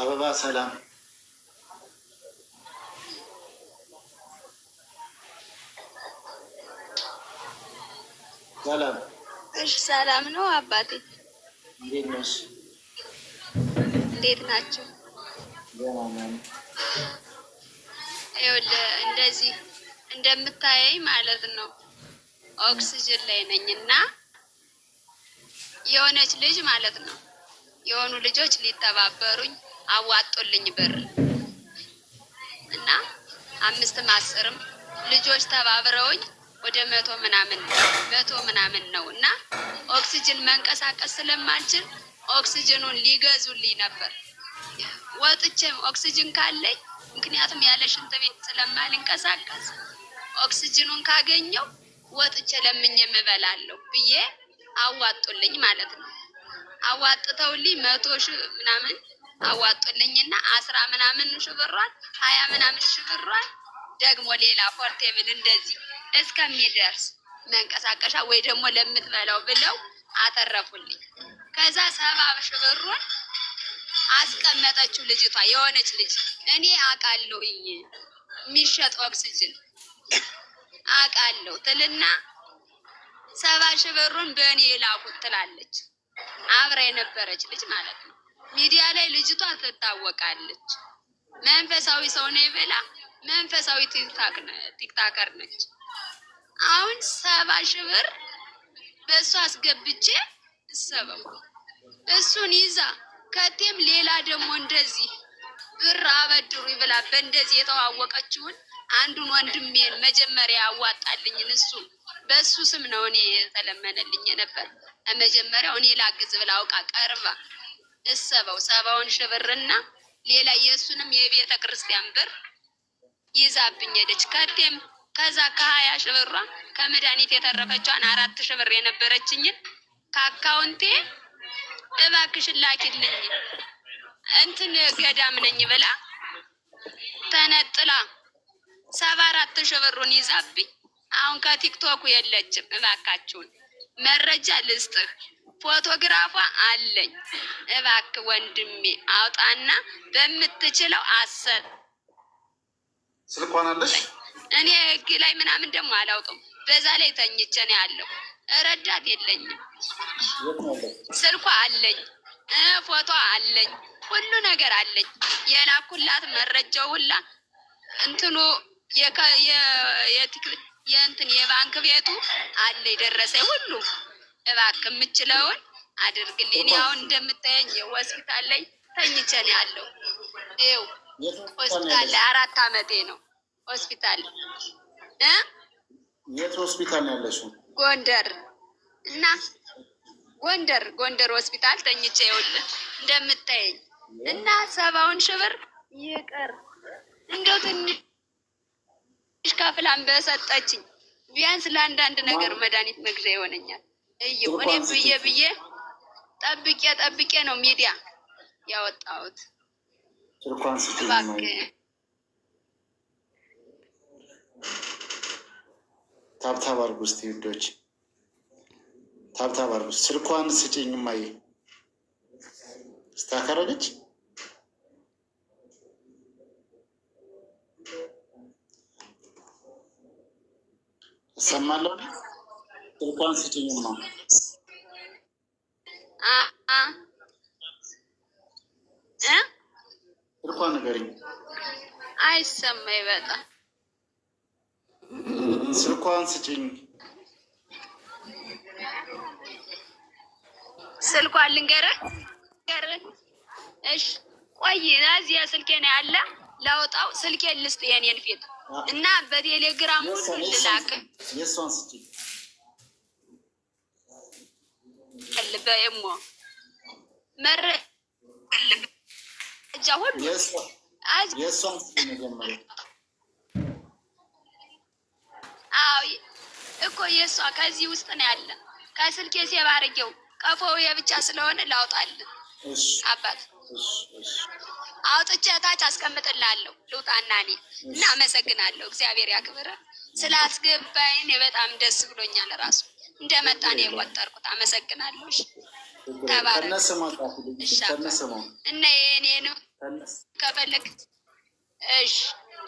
አበባ ሰላም ሰላም። እሺ ሰላም ነው አባቴ። እንዴት ነሽ? እንዴት ናቸው? ይኸውልህ እንደዚህ እንደምታየኝ ማለት ነው ኦክስጅን ላይ ነኝ እና የሆነች ልጅ ማለት ነው የሆኑ ልጆች ሊተባበሩኝ አዋጡልኝ ብር እና አምስትም አስርም ልጆች ተባብረውኝ ወደ መቶ ምናምን መቶ ምናምን ነው እና ኦክሲጅን መንቀሳቀስ ስለማልችል ኦክሲጅኑን ሊገዙልኝ ነበር። ወጥቼም ኦክሲጅን ካለኝ ምክንያቱም ያለ ሽንት ቤት ስለማልንቀሳቀስ ኦክሲጅኑን ካገኘው ወጥቼ ለምኝ የምበላለሁ ብዬ አዋጡልኝ ማለት ነው። አዋጥተውልኝ መቶ ሺህ ምናምን አዋጡልኝና አስራ ምናምን ሽብሯል ሀያ ምናምን ሽብሯል ደግሞ ሌላ ፖርቴብል እንደዚህ እስከሚደርስ መንቀሳቀሻ ወይ ደግሞ ለምትበላው ብለው አተረፉልኝ። ከዛ ሰባ ሽብሩን አስቀመጠችው ልጅቷ የሆነች ልጅ እኔ አውቃለሁኝ የሚሸጥ ኦክስጅን አቃለሁ ትልና ሰባ ሽብሩን በእኔ የላኩት ትላለች። አብራ የነበረች ልጅ ማለት ነው። ሚዲያ ላይ ልጅቷ ትታወቃለች። መንፈሳዊ ሰው ነው ይበላ መንፈሳዊ ቲክታከር ነች። አሁን ሰባ ሺህ ብር በእሱ አስገብቼ እሰበው እሱን ይዛ ከቴም ሌላ ደግሞ እንደዚህ ብር አበድሩ ብላ በእንደዚህ የተዋወቀችውን አንዱን ወንድሜን መጀመሪያ ያዋጣልኝን እሱ በእሱ ስም ነው እኔ የተለመነልኝ የነበር መጀመሪያው እኔ ላግዝ ብላ አውቃ ቀርባ እሰበው ሰባውን ሽብርና ሌላ የእሱንም የቤተ ክርስቲያን ብር ይዛብኝ ሄደች። ከደም ከዛ ከሀያ ሺህ ከመድኃኒት የተረፈችዋን አራት ሽብር ብር የነበረችኝን ከአካውንቴ እባክሽን ላኪልኝ እንትን ገዳም ነኝ ብላ ተነጥላ ሰባ አራት ይዛብኝ አሁን ከቲክቶኩ የለችም። እባካችሁን መረጃ ልስጥህ ፎቶግራፏ አለኝ። እባክ ወንድሜ አውጣና በምትችለው አሰብ። ስልኳን አለሽ? እኔ ህግ ላይ ምናምን ደግሞ አላውቅም። በዛ ላይ ተኝቼ ነው ያለው። ረዳት የለኝም። ስልኳ አለኝ፣ ፎቶ አለኝ፣ ሁሉ ነገር አለኝ። የላኩላት መረጃው ሁላ እንትኑ የእንትን የባንክ ቤቱ አለ የደረሰ ሁሉ እባክህ የምችለውን አድርግልኝ። እኔ አሁን እንደምታየኝ ሆስፒታል ላይ ተኝቼ ነው ያለው። ይኸው ሆስፒታል ላይ አራት አመቴ ነው ሆስፒታል የት ሆስፒታል ነው ያለሽው? ጎንደር እና ጎንደር ጎንደር ሆስፒታል ተኝቼ ይኸውልህ እንደምታየኝ እና ሰባውን ሽብር ብር ይቅር እንደው ትንሽ ከፍላም በሰጠችኝ ቢያንስ ለአንዳንድ ነገር መድኃኒት መግዣ ይሆነኛል። እዩ እኔም ብዬ ብዬ ጠብቄ ጠብቄ ነው ሚዲያ ያወጣሁት። ታብታብ አድርጉ እስኪ ውዶች፣ ታብታብ አድርጉ። ስልኳን ስጭኝ ማየ ስታከረለች እሰማለሁ እንኳን ስጭኝማ ስልኳ ንገሪኝ። አይሰማኝ በጣም ስልኳን ስጭኝ። ስልኳን ልንገርህ። እሺ ቆይ፣ እዚያ ስልኬ ነው ያለ። ላውጣው ስልኬን ልስጥ የኔን ፊት እና በቴሌግራም ሁሉ ልላክ የእሷን ስጭኝ ይልካል በኤሞ ሁሉ እኮ የእሷ ከዚህ ውስጥ ነው ያለ። ከስልኬ ሴቭ አድርጌው የብቻ ስለሆነ ላውጣልን አባት አውጥቼ አስቀምጥላለሁ። ልውጣና እኔ እና አመሰግናለሁ። እግዚአብሔር ያክብረ ስላስገባይን በጣም ደስ ብሎኛል ራሱ እንደመጣ ነው የቆጠርኩት። አመሰግናለሁ። ተባረእና የኔን ከፈለግ እሽ፣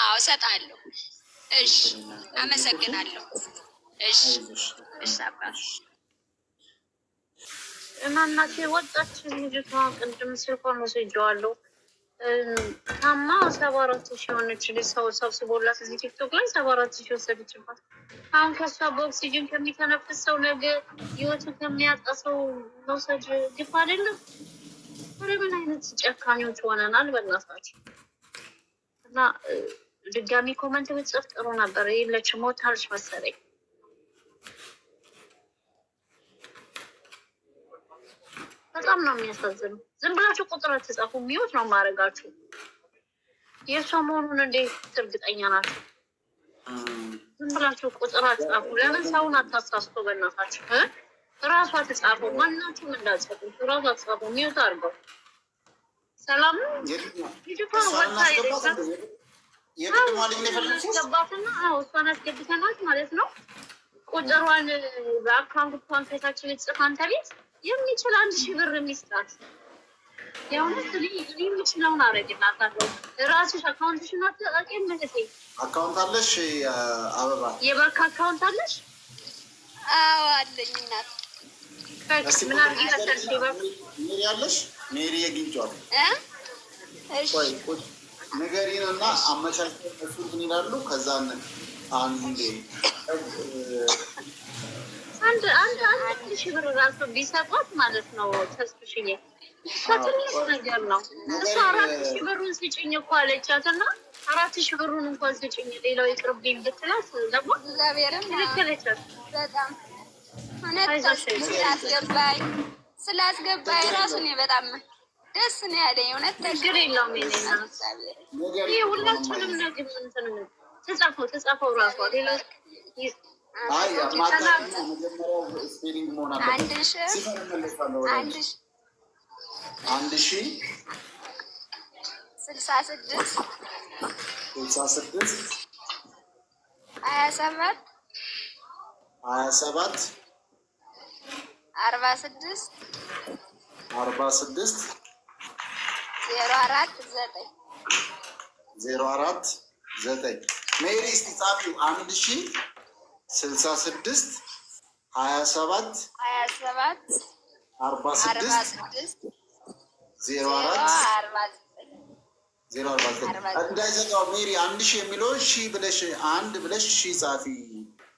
አዎ እሰጣለሁ። እሽ፣ አመሰግናለሁ። እሽ፣ እሽ። እናናቴ ወጣችን። ልጅቷ ቅድም ስልኳ መሰጀዋለሁ ታማ ሰባ አራት ሺ የሆነች ልጅ ሰው ሰብስቦላት እዚህ ቲክቶክ ላይ ሰባ አራት ሺ ወሰደችባት። አሁን ከሷ በኦክሲጅን ከሚተነፍስ ሰው ነገ ህይወቱ ከሚያጣ ሰው መውሰድ ግፍ አይደለም? ወደ ምን አይነት ጨካኞች ሆነናል በእናታችን። እና ድጋሚ ኮመንት ብትጽፍ ጥሩ ነበር። የለችም ሞታለች መሰለኝ። በጣም ነው የሚያሳዝኑ። ዝም ብላችሁ ቁጥር ትጻፉ ሚዎች ነው ማድረጋችሁ። የእሷ መሆኑን እንዴት እርግጠኛ ናቸው? ዝም ብላችሁ ቁጥር አትጻፉ። ለምን ሰውን አታሳስቶ? በእናታችሁ እራሷ ተጻፉ። ማናችሁም እንዳጸፉ እራሷ ተጻፉ። የሚወት አድርገው ሰላም ልጅቷ እሷን አስገብተናት ማለት ነው። ቁጥሯን በአካውንት ኳንፌታችን ጽፍ አንተ የሚችል አንድ ሺህ ብር የሚስጣት የእውነት የሚችለውን አደርግላታለሁ። እራስሽ አካውንትሽን አጠቃቀም መለሴ አካውንት አለሽ? አበባ የባንክ አካውንት አለሽ? አዎ አለኝ። እናት ምን አድርጌ ሰጠልሽ? ሜሪ አለሽ? ሜሪ የግንጫዋል ንገሪን እና አመቻቸው እሱን ይላሉ። ከዛ አንዴ አንድ አንድ አንድ ሺህ ብር ራሱ ቢሰጧት ማለት ነው ተስፍሽዬ፣ እሷ ትንሽ ነገር ነው። እሷ አራት ሺህ ብሩን ስጭኝ እኮ አለቻት እና አራት ሺህ ብሩን እንኳን ስጭኝ ሌላው ይቅርብኝ ብትላት ደግሞ ትልክለቻት በጣም ስላስገባኝ ራሱ እኔ በጣም ደስ ነው ያለኝ። እውነት ችግር የለውም። ሁላችንም ነግ ምንትን ተጻፈው ራሷ ሌላ አንድ ሺ ስልሳ ስድስት ስልሳ ስድስት ሀያ ሰባት ሀያ ሰባት አርባ ስድስት አርባ ስድስት ዜሮ አራት ዘጠኝ ዜሮ አራት ዘጠኝ ሜሪ እስኪ ጻፊው አንድ ሺ ስልሳ ስድስት ሀያ ሰባት ሀያ ሰባት አርባ ስድስት ዜሮ አራት ዜሮ አርባ ዘጠኝ እንዳይዘጋው ሜሪ አንድ ሺህ የሚለውን ሺ ብለሽ አንድ ብለሽ ሺ ጻፊ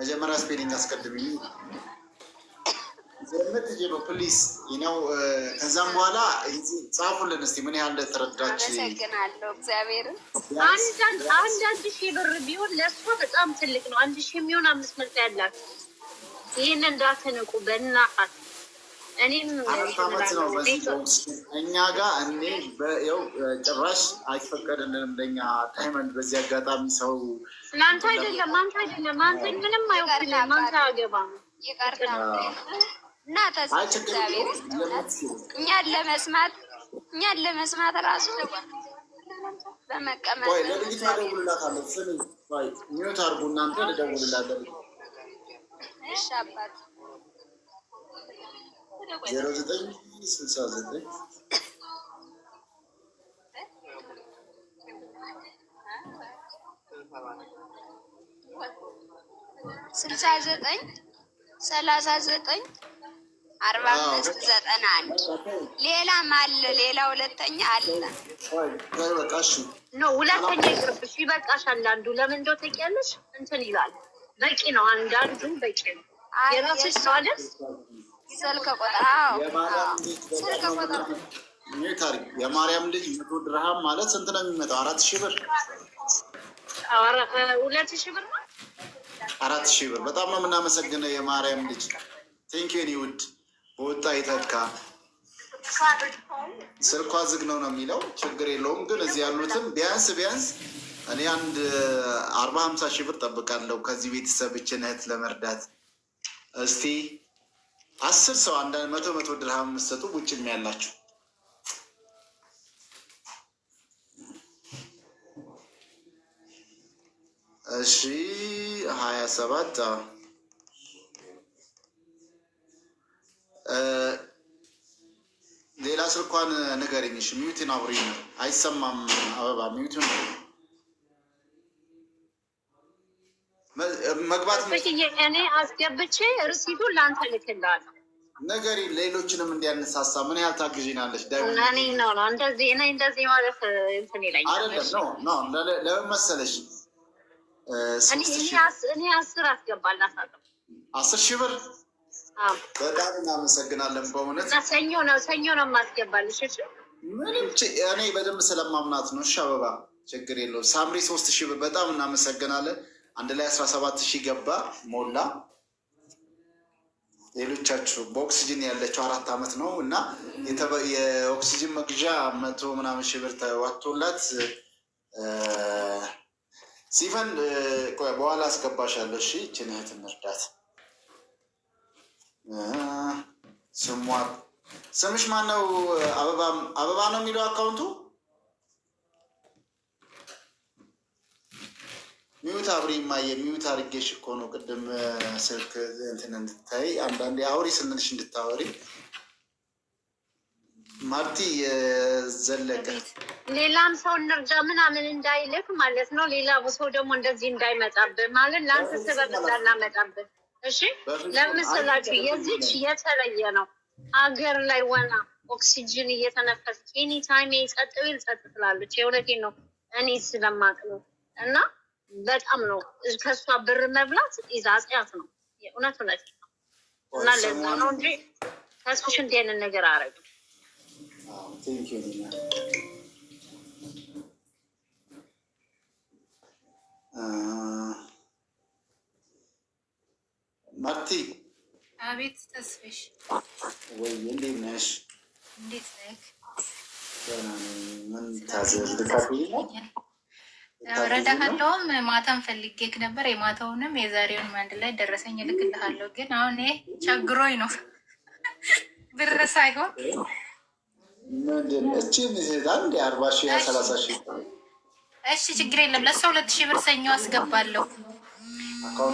መጀመሪያ ስፔሊንግ አስቀድሚኝ። ምትጅ ነው ፕሊዝ ነው። ከዛም በኋላ ጻፉልን እስኪ ምን ያህል ተረዳች። አመሰግናለሁ እግዚአብሔርን። አንድ አንድ ሺህ ብር ቢሆን ለእሷ በጣም ትልቅ ነው። አንድ ሺህ የሚሆን አምስት መቶ ያላት ይህን እንዳትንቁ በእናት እኔም እኛ ጋር እኔ ው ጭራሽ አይፈቀድልንም ለኛ ታይመንድ። በዚህ አጋጣሚ ሰው እናንተ አይደለም አንተ አይደለም አንተ ምንም አይወክልም አንተ አገባ እና እኛን ለመስማት እኛን ለመስማት ራሱ በመቀመጥ ለልጅቷ እደውልላታለሁ። ስሚ ሚዩት እናንተ ልደውልላታለሁ። እሺ ስልሳ ዘጠኝ ሰላሳ ዘጠኝ አርባ አምስት ዘጠና አንድ ሌላም አለ። ሌላ ሁለተኛ አለ። ኖ ሁለተኛ ይቅርብሽ፣ ለምን እንደው ተቂያለሽ እንትን ይላል። በቂ ነው። አንዳንዱ በቂ ነው። የራስሽ ሰው ስልክ ቁጥር የማርያም ልጅ መቶ ድርሃም ማለት ስንት ነው የሚመጣው? አራት ሺህ ብር ሁለት ሺህ ብር ነው። አራት ሺህ ብር በጣም ነው የምናመሰግነው የማርያም ልጅ ቴንኪ ኒውድ ወጣ ይተካ። ስልኳ ዝግ ነው ነው የሚለው ችግር የለውም ግን እዚህ ያሉትም ቢያንስ ቢያንስ እኔ አንድ አርባ ሀምሳ ሺህ ብር ጠብቃለሁ ከዚህ ቤተሰብ እችን እህት ለመርዳት እስቲ አስር ሰው አንዳንድ መቶ መቶ ድርሃም የምትሰጡ ውጭም ያላችሁ እሺ ሀያ ሰባት እንኳን ንገረኝ። እሺ ሚዩቲን አውሪ። አይሰማም አበባ ሚዩቲን መግባት እኔ አስገብቼ ርሲቱን ለአንተ ልክልሃለሁ። ነገሪ ሌሎችንም እንዲያነሳሳ ምን ያህል ታግዢናለሽ? እኔ እንደዚህ እንደዚህ ማለት እንትን ይለኛል። ለምን መሰለሽ እኔ አስር አስገባላት አስር ሺህ ብር በጣም እናመሰግናለን። በእውነት ሰኞ ነው ሰኞ ነው የማስገባልሽ። እኔ በደንብ ስለማምናት ነው። እሺ አበባ ችግር የለው። ሳምሪ ሶስት ሺህ ብር በጣም እናመሰግናለን። አንድ ላይ አስራ ሰባት ሺህ ገባ ሞላ። ሌሎቻችሁ በኦክሲጅን ያለችው አራት ዓመት ነው እና የኦክሲጅን መግዣ መቶ ምናምን ሺህ ብር ተዋቶላት ሲፈን በኋላ አስገባሻለሁ። እሺ ችንህት እንርዳት ስሟ ስምሽ ማን ነው? አበባ ነው የሚለው አካውንቱ። ሚዩት አብሪ ማየ ሚዩት አድርጌሽ እኮ ነው ቅድም ስልክ እንትን እንድታይ አንዳንዴ አውሪ ስንልሽ እንድታወሪ። ማርቲ የዘለቀ ሌላም ሰው እንርጃ ምናምን እንዳይልክ ማለት ነው። ሌላ ሰው ደግሞ እንደዚህ እንዳይመጣብህ ማለት ለአንተ ስበብ እንዳናመጣብህ እሺ ለምስላችሁ የዚች የተለየ ነው። አገር ላይ ዋና ኦክሲጅን እየተነፈስ ኤኒ ታይም ጸጥ ቢል ጸጥ ትላለች። የእውነቴን ነው እኔ ስለማቅ ነው። እና በጣም ነው ከእሷ ብር መብላት ይዛ ነው። የእውነት እውነት ነው። እና ለዛ ነው እንጂ ከሱሽ እንዲህ ነገር አረግ ማርቲ አቤት። ተስፍሽ ወይ እንዴት ነሽ? እንዴት ነህ? ምን ፈልጌክ ነበር። የማታውንም የዛሬውን አንድ ላይ ደረሰኝ እልክልሃለሁ። ግን አሁን ቸግሮኝ ነው ብር ሳይሆን እሺ፣ ችግር የለም ለእሷ ሁለት ሺህ ብር ሰኞ አስገባለሁ።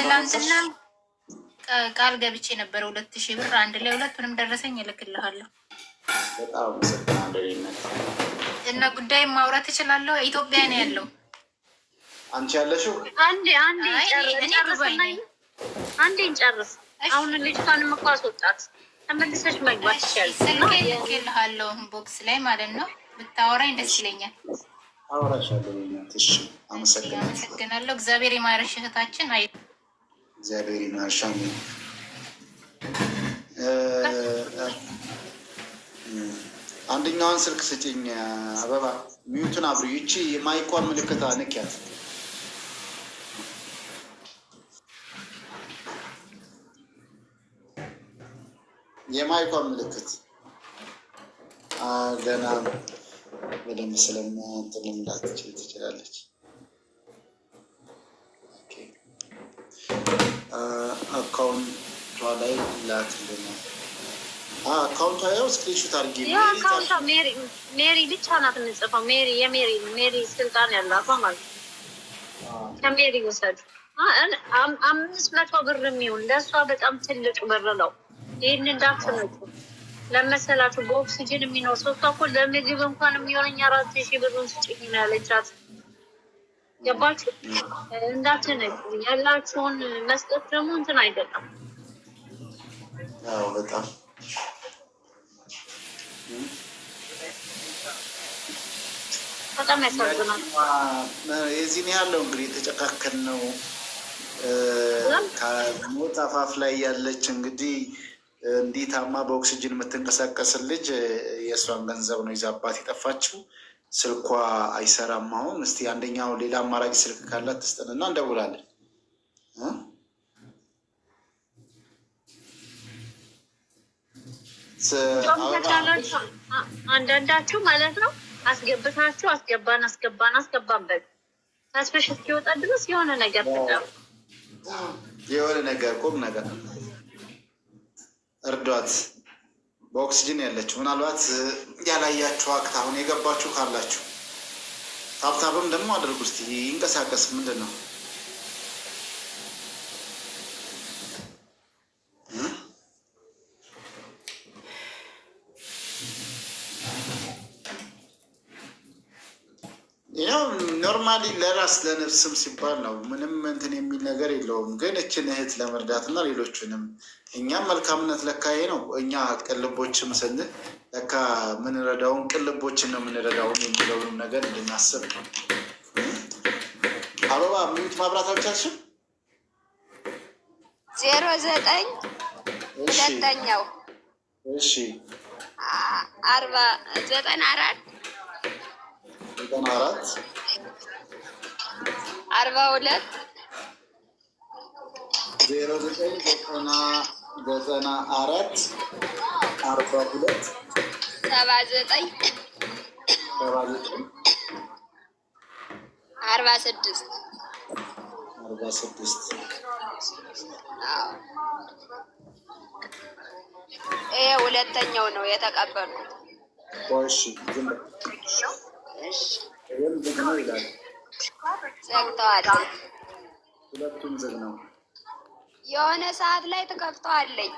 ትላንትና ቃል ገብቼ ነበረ ሁለት ሺህ ብር አንድ ላይ ሁለቱንም ደረሰኝ እልክልሃለሁ። እና ጉዳይ ማውራት እችላለሁ። ኢትዮጵያ ነው ያለው አንቺ ያለሽው። አንዴ አንዴ አንዴ እንጨርስ። አሁን ልጅቷንም እኮ አስወጣት ተመልሰች መግባት ይሻል። ስልክ እልክልሃለሁ ቦክስ ላይ ማለት ነው። ብታወራኝ ደስ ይለኛል። አወራሻለሁ። አመሰግናለሁ። እግዚአብሔር የማረሽ እህታችን አይ እግዚአብሔር ይማርሻል። አንደኛዋን ስልክ ስጭኝ አበባ። ሚዩቱን አብሪ። ይቺ የማይኳን ምልክት ንኪያት። የማይኳን ምልክት ገና በደንብ ስለማ እንትን ትችላለች። አካውንቷ ላይ ላክልን። አካውንቷ ያው ስክሪንሾት አድርጌ አካውንቷ ሜሪ ብቻ ናት የምጽፈው። ሜሪ የሜሪ ሜሪ ስልጣን ያላቷ ማለት ከሜሪ ውሰዱ። አምስት መቶ ብር የሚሆን ለእሷ በጣም ትልቅ ብር ነው። ይህን እንዳትመጡ ለመሰላችሁ በኦክሲጅን የሚኖር ሰው እኮ ለምግብ እንኳን የሚሆነኝ አራት ሺህ ብር ስጭኝ ነው ያለቻት። ገባችሁ? ያላችሁን መስጠት ደግሞ እንትን አይደለም። በጣም ያለው እንግዲህ የተጨካከል ነው። ከሞት አፋፍ ላይ ያለች እንግዲህ እንዲህ ታማ በኦክሲጅን የምትንቀሳቀስ ልጅ የእሷን ገንዘብ ነው ይዛባት የጠፋችው። ስልኳ አይሰራም። አሁን እስቲ አንደኛው ሌላ አማራጭ ስልክ ካላት ትስጠንና እንደውላለን። አንዳንዳችሁ ማለት ነው አስገብታችሁ አስገባን አስገባን በ ተስፈሽ እስኪወጣ ድረስ የሆነ ነገር የሆነ ነገር ቁም ነገር እርዷት። በኦክስጅን ያለችው ምናልባት ያላያችሁ አክት አሁን የገባችሁ ካላችሁ ታብታብም ደግሞ አድርጉ እስኪ ይንቀሳቀስ ምንድን ነው ለራስ ለነፍስም ሲባል ነው። ምንም እንትን የሚል ነገር የለውም። ግን እችን እህት ለመርዳት እና ሌሎችንም እኛም መልካምነት ለካ ይሄ ነው። እኛ ቅልቦችም ስንል ለካ ምንረዳውን ቅልቦችን ነው የምንረዳውን የሚለውንም ነገር እንድናስብ ነው። አበባ ሚዩት ማብራታዎቻችን ዜሮ ዘጠኝ ሁለተኛው እሺ አርባ ዘጠና አራት ዘጠና አራት አርባ ሁለት ዜሮ ዘጠኝ ዘጠና ዘጠና አራት አርባ ሁለት ሰባ ዘጠኝ ሰባ ዘጠኝ አርባ ስድስት አርባ ስድስት ይሄ ሁለተኛው ነው የተቀበልኩት። እሺ ዝም ብለው ይላል ዘግተዋል። ሁለቱም ዝግ ነው። የሆነ ሰዓት ላይ ተከፍተዋለኝ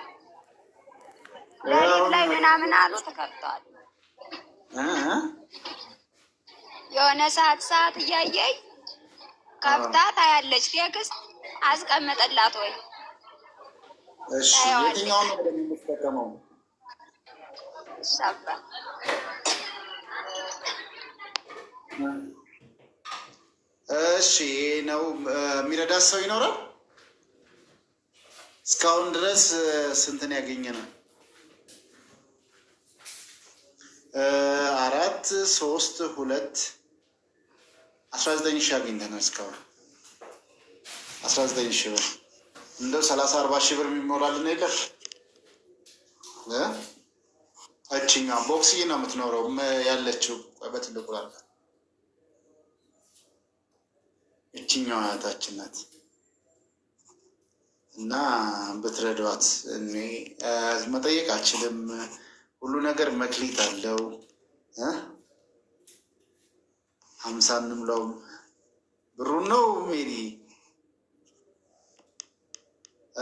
ሌሊት ላይ ምናምን አሉ ተከፍተዋል። የሆነ ሰዓት ሰዓት እያየኝ ከፍታ ታያለች። ቴክስት አስቀመጠላት ወይ እሺ። እሺ ነው የሚረዳ ሰው ይኖራል። እስካሁን ድረስ ስንትን ያገኘ ነው? አራት ሶስት ሁለት አስራ ዘጠኝ ሺህ አግኝተናል። እስካሁን አስራ ዘጠኝ ሺህ ብር እንደው ሰላሳ አርባ ሺህ ብር የሚሞላልን የለም። እችኛ ቦክስዬ ነው የምትኖረው ያለችው በትልቁ ላለ እችኛው አያታችን ናት እና ብትረዷት። እኔ መጠየቅ አልችልም። ሁሉ ነገር መክሊት አለው። ሀምሳ እንምለው ብሩን ነው ሜሪ።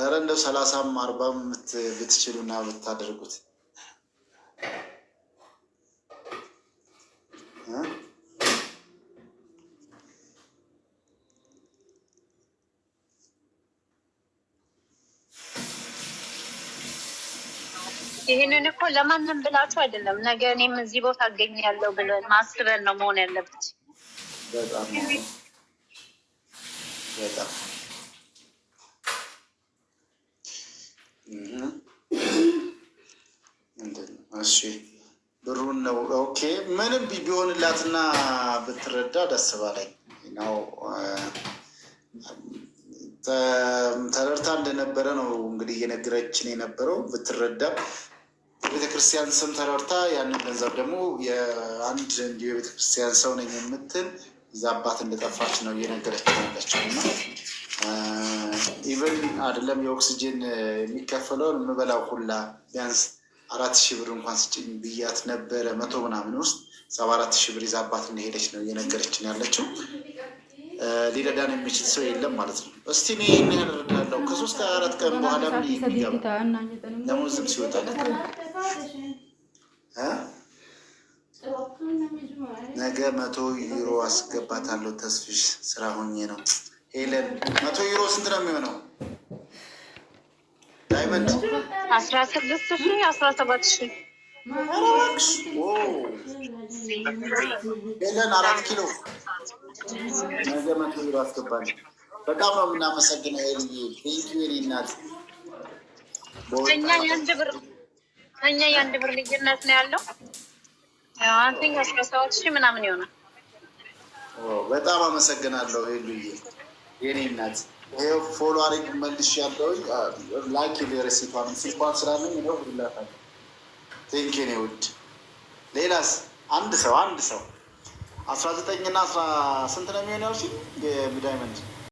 ኧረ እንደው ሰላሳም አርባም ብትችሉና ብታደርጉት ይህንን እኮ ለማንም ብላችሁ አይደለም። ነገ እኔም እዚህ ቦታ አገኛለሁ ብለን ማስበን ነው መሆን ያለበት። ብሩን ነው ኦኬ። ምንም ቢሆንላትና ብትረዳ ደስ ባለኝ ነው። ተረድታ እንደነበረ ነው እንግዲህ እየነገረችን የነበረው ብትረዳ ቤተክርስቲያን ስም ተረርታ ያንን ገንዘብ ደግሞ የአንድ እንዲሁ የቤተክርስቲያን ሰው ነኝ የምትል እዛ አባት እንደጠፋች ነው እየነገረች ያለችው እና ኢቨን አይደለም የኦክሲጅን የሚከፈለውን የምበላው ሁላ ቢያንስ አራት ሺህ ብር እንኳን ስጭኝ ብያት ነበረ። መቶ ምናምን ውስጥ ሰባ አራት ሺህ ብር ይዛ አባት እንደሄደች ነው እየነገረችን ያለችው። ሊረዳን የሚችል ሰው የለም ማለት ነው። እስቲ እኔ ይህን ከሶስት አራት ቀን በኋላ ደሞዝም ሲወጣ ነገ መቶ ዩሮ አስገባታለሁ። ተስፍሽ ስራ ሆኜ ነው። ሄለን መቶ ዩሮ ስንት ነው የሚሆነው? ዳይመንድ አስራ ስድስት ሺ አስራ ሰባት ሺ ሄለን አራት ኪሎ ነገ መቶ ዩሮ አስገባለሁ። በጣም ነው የምናመሰግነው ሄልዬ። ቴንኪው የእኔ እናት። እኛ የአንድ ብር ልዩነት ነው ያለው። አንተኛ አስራ ሰባት ሺህ ምናምን ይሆናል። በጣም አመሰግናለሁ ሄሉዬ የኔ እናት። ይኸው ፎሎ አድርግ መልሽ ያለው ላኪ ሬሲቷን ስልኳን ስላለኝ ነው ሁላታለሁ። ቴንኪ ኔ ውድ። ሌላስ አንድ ሰው አንድ ሰው አስራ ዘጠኝ እና አስራ ስንት ነው የሚሆን ያልሽ ሲል